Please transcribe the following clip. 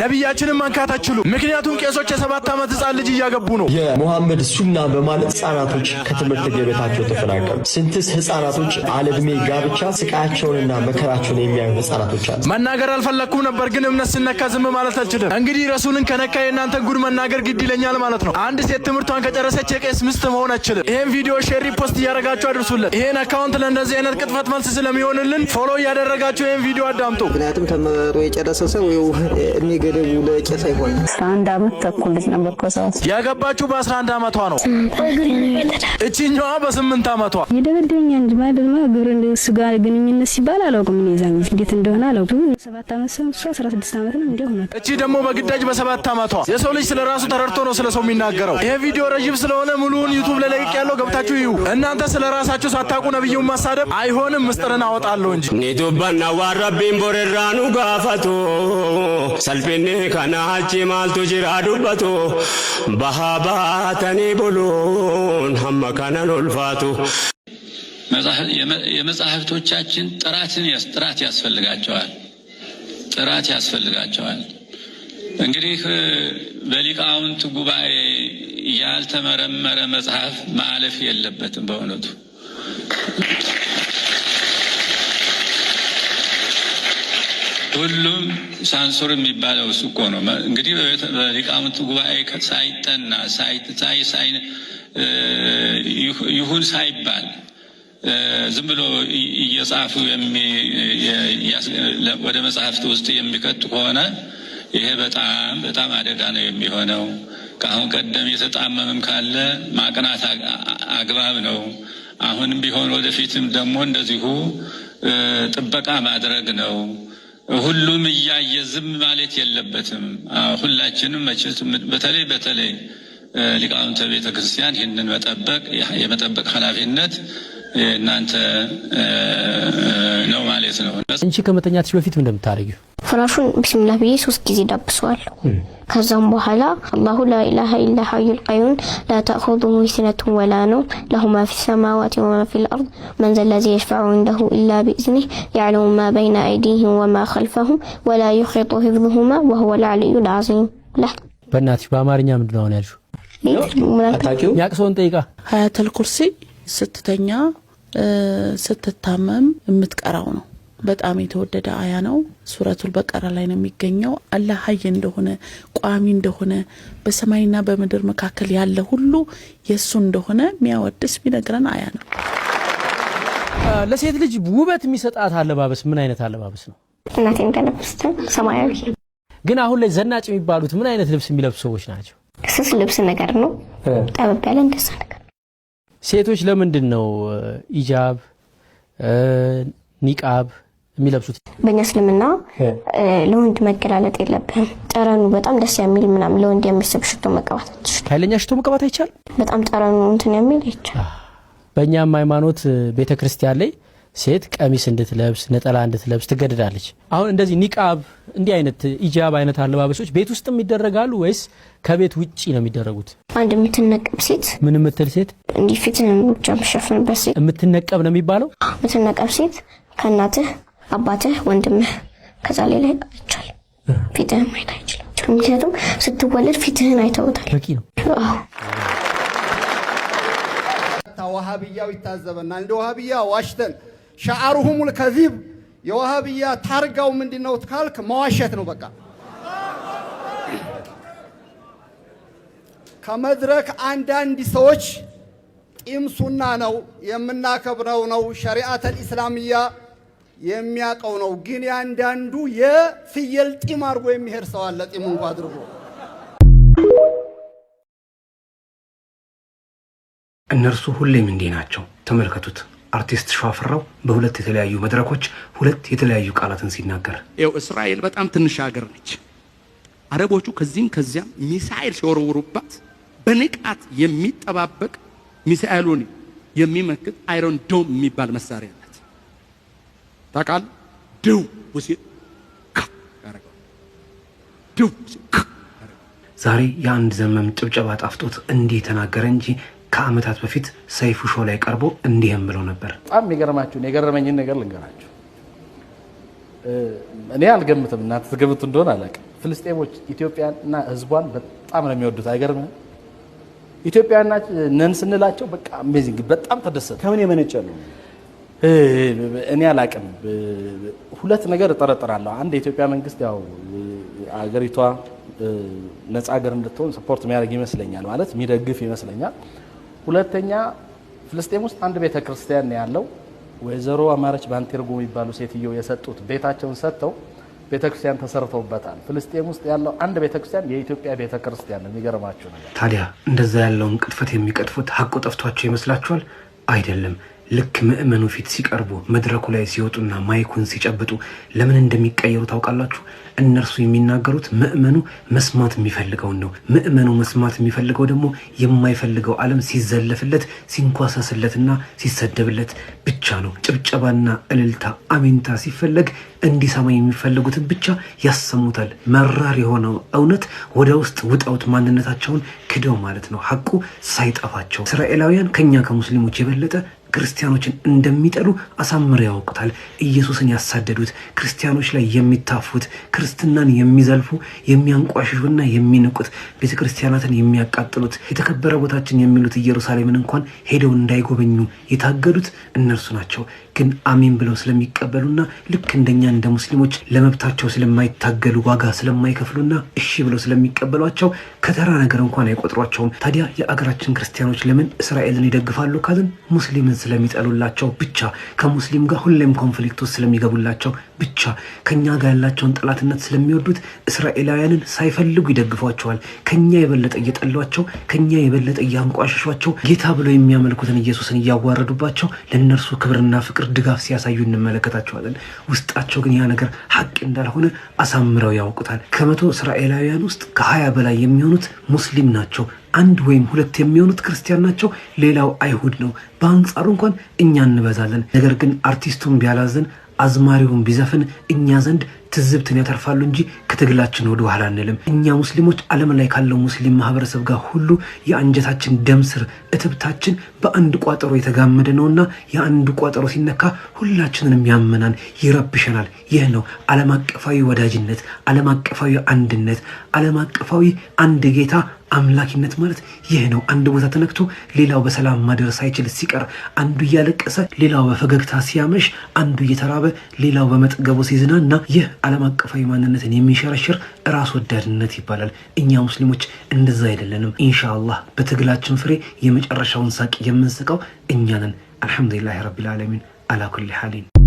ነቢያችንን መንካት አችሉ። ምክንያቱም ቄሶች የሰባት ዓመት ህፃን ልጅ እያገቡ ነው። የሙሐመድ ሱና በማለት ህፃናቶች ከትምህርት ገበታቸው ተፈናቀሉ። ስንትስ ሕፃናቶች አለዕድሜ ጋብቻ ስቃያቸውንና መከራቸውን የሚያዩ ህፃናቶች አሉ። መናገር አልፈለግኩም ነበር፣ ግን እምነት ስነካ ዝም ማለት አልችልም። እንግዲህ ረሱልን ከነካ የእናንተ ጉድ መናገር ግድ ይለኛል ማለት ነው። አንድ ሴት ትምህርቷን ከጨረሰች የቄስ ምስት መሆን አችልም። ይህን ቪዲዮ ሼሪ ፖስት እያደረጋችሁ አድርሱለት። ይህን አካውንት ለእንደዚህ አይነት ቅጥፈት መልስ ስለሚሆንልን ፎሎ እያደረጋችሁ ይህን ቪዲዮ አዳምጡ። ምክንያቱም ተምሮ የጨረሰ ሰው ገደቡ ለቄስ አይሆን። አንድ አመት ተኩል ልጅ ነበር ከሰዋት ያገባችሁ በአስራ አንድ አመቷ ነው። እችኛዋ በስምንት አመቷ የደበደኛ እንጂ ማለት ነው። ግብረ ጋር ግንኙነት ሲባል አላውቅም እኔ የዛን እንዴት እንደሆነ አላውቅም። ሰባት አመት ሰው እሱ አስራ ስድስት አመት ነው እንዲያ ሆኗል። እቺ ደግሞ በግዳጅ በሰባት አመቷ። የሰው ልጅ ስለ ራሱ ተረድቶ ነው ስለ ሰው የሚናገረው። ይሄ ቪዲዮ ረዥም ስለሆነ ሙሉውን ዩቱብ ላይ ያለው ገብታችሁ ይዩ። እናንተ ስለ ራሳችሁ ሳታውቁ ነብዩን ማሳደብ አይሆንም። ምስጥርን አወጣለሁ እንጂ ኔቶባና ዋረቢን ቦሬራኑ ጋፈቶ ሰልፊ finne kana achi maaltu jira dubbatu bahaa baatanii buluun hamma kanan ulfaatu የመጽሐፍቶቻችን ጥራትን ጥራት ያስፈልጋቸዋል። ጥራት ያስፈልጋቸዋል። እንግዲህ በሊቃውንት ጉባኤ ያልተመረመረ መጽሐፍ ማለፍ የለበትም በእውነቱ ሁሉም ሳንሱር የሚባለው እሱ እኮ ነው። እንግዲህ በሊቃውንት ጉባኤ ሳይጠና ይሁን ሳይባል ዝም ብሎ እየጻፉ ወደ መጽሐፍት ውስጥ የሚከቱ ከሆነ ይሄ በጣም በጣም አደጋ ነው የሚሆነው። ከአሁን ቀደም የተጣመመም ካለ ማቅናት አግባብ ነው። አሁንም ቢሆን ወደፊትም ደግሞ እንደዚሁ ጥበቃ ማድረግ ነው። ሁሉም እያየ ዝም ማለት የለበትም። ሁላችንም መቼስ በተለይ በተለይ ሊቃውንተ ቤተ ክርስቲያን ይህንን መጠበቅ የመጠበቅ ኃላፊነት እናንተ ነው ማለት ነው። አንቺ ከመተኛትሽ በፊት ምን እንደምታደርጊው ፍራሹን ቢስሚላህ ብዬ ሶስት ጊዜ ዳብሰዋለሁ። ከዛም በኋላ አላሁ ላኢላሃ ኢላ ሐዩል ቀዩም ላ ተእኹዙሁ ሲነቱን ወላ ነውም ለሁ ማ ፊ ሰማዋቲ ወማ ፊል አርድ መን ዘለዚ የሽፈዑ ዒንደሁ ኢላ ቢኢዝኒህ የዕለሙ ማ በይነ አይዲህም ወማ ኸልፈሁም ወላ ዩሒጡ ሒፍዙሁማ ወሁወል ዐሊዩል ዐዚም። በእናትሽ በአማርኛ ምንድን ነው አሁን ያልሺው? ያቅሰውን ጠይቃ ሀያተል ኩርሲ ስትተኛ ስትታመም የምትቀራው ነው በጣም የተወደደ አያ ነው። ሱረቱል በቀራ ላይ ነው የሚገኘው። አላህ ሀይ እንደሆነ ቋሚ እንደሆነ በሰማይና በምድር መካከል ያለ ሁሉ የእሱ እንደሆነ የሚያወድስ የሚነግረን አያ ነው። ለሴት ልጅ ውበት የሚሰጣት አለባበስ ምን አይነት አለባበስ ነው? እናቴ እንደለበሰችው ሰማያዊ። ግን አሁን ላይ ዘናጭ የሚባሉት ምን አይነት ልብስ የሚለብሱ ሰዎች ናቸው? ስስ ልብስ ነገር ነው፣ ጠበብ ያለ እንደሳ ነገር። ሴቶች ለምንድን ነው ኢጃብ ኒቃብ የሚለብሱት። በእኛ እስልምና ለወንድ መገላለጥ የለብህም። ጠረኑ በጣም ደስ የሚል ምናምን ለወንድ የሚስብ ሽቶ መቀባት አትችልም። ኃይለኛ ሽቶ መቀባት አይቻልም። በጣም ጠረኑ እንትን የሚል ይቻል። በእኛም ሃይማኖት ቤተ ክርስቲያን ላይ ሴት ቀሚስ እንድትለብስ ነጠላ እንድትለብስ ትገደዳለች። አሁን እንደዚህ ኒቃብ፣ እንዲህ አይነት ኢጃብ አይነት አለባበሶች ቤት ውስጥም ይደረጋሉ ወይስ ከቤት ውጭ ነው የሚደረጉት? አንድ የምትነቀብ ሴት ምን የምትል ሴት እንዲህ ፊትን ብቻ የምትሸፍንበት ሴት የምትነቀብ ነው የሚባለው። የምትነቀብ ሴት ከእናትህ አባትህ፣ ወንድምህ ከዛ ላይ ላይ አይቻልም። ፊትህን ማየት አይችልም። ምክንያቱም ስትወለድ ፊትህን አይተውታል። ዋሃብያው ይታዘበናል። እንደ ዋሃብያ ዋሽተን ሸዓሩሁሙል ከዚብ የዋሃብያ ታርጋው ምንድን ካልክ መዋሸት ነው። በቃ ከመድረክ አንዳንድ ሰዎች ጢም ሱና ነው የምናከብረው ነው ሸሪዓተል ኢስላሚያ የሚያቀው ነው። ግን ያንዳንዱ የፍየል ጢም አድርጎ የሚሄድ ሰው አለ። ጢም እንኳ አድርጎ እነርሱ ሁሌም እንዲህ ናቸው። ተመልከቱት። አርቲስት ሸዋፍራው በሁለት የተለያዩ መድረኮች ሁለት የተለያዩ ቃላትን ሲናገር ይኸው። እስራኤል በጣም ትንሽ ሀገር ነች። አረቦቹ ከዚህም ከዚያም ሚሳኤል ሲወረውሩባት በንቃት የሚጠባበቅ ሚሳኤሉን የሚመክት አይሮን ዶም የሚባል መሳሪያ ታውቃል። ድው ዛሬ የአንድ ዘመም ጭብጨባ ጣፍጦት እንዲህ ተናገረ እንጂ ከአመታት በፊት ሰይፉ ሾው ላይ ቀርቦ እንዲህ የምለው ነበር። በጣም የገረማችሁን የገረመኝን ነገር ልንገራችሁ። እኔ አልገምትም፣ እናንተ ትገምቱ እንደሆነ አላውቅም። ፍልስጤሞች ኢትዮጵያና ህዝቧን በጣም ነው የሚወዱት። አይገርም? ኢትዮጵያና ነን ስንላቸው በቃ አሜዚንግ፣ በጣም ተደሰተ። ከምን የመነጨ ነው? እኔ አላቅም። ሁለት ነገር እጠረጥራለሁ። አንድ የኢትዮጵያ መንግስት ያው አገሪቷ ነጻ ሀገር እንድትሆን ሰፖርት የሚያደርግ ይመስለኛል፣ ማለት የሚደግፍ ይመስለኛል። ሁለተኛ ፍልስጤም ውስጥ አንድ ቤተ ክርስቲያን ያለው። ወይዘሮ አማረች ባንቴርጎ የሚባሉ ሴትዮ የሰጡት ቤታቸውን ሰጥተው ቤተ ክርስቲያን ተሰርተውበታል። ፍልስጤም ውስጥ ያለው አንድ ቤተ ክርስቲያን የኢትዮጵያ ቤተ ክርስቲያን ነው። የሚገርማችሁ ነገር ታዲያ እንደዛ ያለውን ቅጥፈት የሚቀጥፉት ሀቁ ጠፍቷቸው ይመስላችኋል? አይደለም ልክ ምዕመኑ ፊት ሲቀርቡ መድረኩ ላይ ሲወጡና ማይኩን ሲጨብጡ ለምን እንደሚቀየሩ ታውቃላችሁ? እነርሱ የሚናገሩት ምዕመኑ መስማት የሚፈልገውን ነው። ምዕመኑ መስማት የሚፈልገው ደግሞ የማይፈልገው ዓለም ሲዘለፍለት፣ ሲንኳሰስለትና ሲሰደብለት ብቻ ነው። ጭብጨባና እልልታ፣ አሜንታ ሲፈለግ እንዲሰማ የሚፈልጉትን ብቻ ያሰሙታል። መራር የሆነው እውነት ወደ ውስጥ ውጣውት ማንነታቸውን ክደው ማለት ነው። ሐቁ ሳይጠፋቸው እስራኤላውያን ከኛ ከሙስሊሞች የበለጠ ክርስቲያኖችን እንደሚጠሉ አሳምረው ያውቁታል። ኢየሱስን ያሳደዱት፣ ክርስቲያኖች ላይ የሚታፉት፣ ክርስትናን የሚዘልፉ የሚያንቋሽሹና የሚንቁት፣ ቤተ ክርስቲያናትን የሚያቃጥሉት፣ የተከበረ ቦታችን የሚሉት ኢየሩሳሌምን እንኳን ሄደው እንዳይጎበኙ የታገዱት እነርሱ ናቸው። ግን አሜን ብለው ስለሚቀበሉና ልክ እንደኛ እንደ ሙስሊሞች ለመብታቸው ስለማይታገሉ ዋጋ ስለማይከፍሉና እሺ ብለው ስለሚቀበሏቸው ከተራ ነገር እንኳን አይቆጥሯቸውም። ታዲያ የአገራችን ክርስቲያኖች ለምን እስራኤልን ይደግፋሉ ካልን ሙስሊምን ስለሚጠሉላቸው ብቻ ከሙስሊም ጋር ሁሌም ኮንፍሊክት ውስጥ ስለሚገቡላቸው ብቻ ከኛ ጋር ያላቸውን ጠላትነት ስለሚወዱት እስራኤላውያንን ሳይፈልጉ ይደግፏቸዋል። ከኛ የበለጠ እየጠሏቸው፣ ከኛ የበለጠ እያንቋሸሿቸው፣ ጌታ ብለው የሚያመልኩትን ኢየሱስን እያዋረዱባቸው ለእነርሱ ክብርና ፍቅር ድጋፍ ሲያሳዩ እንመለከታቸዋለን። ውስጣቸው ግን ያ ነገር ሀቅ እንዳልሆነ አሳምረው ያውቁታል። ከመቶ እስራኤላውያን ውስጥ ከሀያ በላይ የሚሆኑት ሙስሊም ናቸው። አንድ ወይም ሁለት የሚሆኑት ክርስቲያን ናቸው። ሌላው አይሁድ ነው። በአንጻሩ እንኳን እኛ እንበዛለን። ነገር ግን አርቲስቱን ቢያላዝን አዝማሪውን ቢዘፍን እኛ ዘንድ ትዝብትን ያተርፋሉ እንጂ ከትግላችን ወደ ኋላ አንልም። እኛ ሙስሊሞች ዓለም ላይ ካለው ሙስሊም ማህበረሰብ ጋር ሁሉ የአንጀታችን ደም ስር እትብታችን በአንድ ቋጠሮ የተጋመደ ነውና የአንዱ ቋጠሮ ሲነካ ሁላችንንም ያመናን፣ ይረብሸናል። ይህ ነው ዓለም አቀፋዊ ወዳጅነት፣ ዓለም አቀፋዊ አንድነት፣ ዓለም አቀፋዊ አንድ ጌታ አምላኪነት ማለት ይህ ነው። አንድ ቦታ ተነክቶ ሌላው በሰላም ማደር ሳይችል ሲቀር፣ አንዱ እያለቀሰ ሌላው በፈገግታ ሲያመሽ፣ አንዱ እየተራበ ሌላው በመጠገቡ ሲዝናና ይህ ዓለም አቀፋዊ ማንነትን የሚሸረሽር ራስ ወዳድነት ይባላል። እኛ ሙስሊሞች እንደዛ አይደለንም። ኢንሻአላህ በትግላችን ፍሬ የመጨረሻውን ሳቅ የምንስቀው እኛንን። አልሐምዱሊላህ ረቢል ዓለሚን አላኩል ኩሊ ሓሊን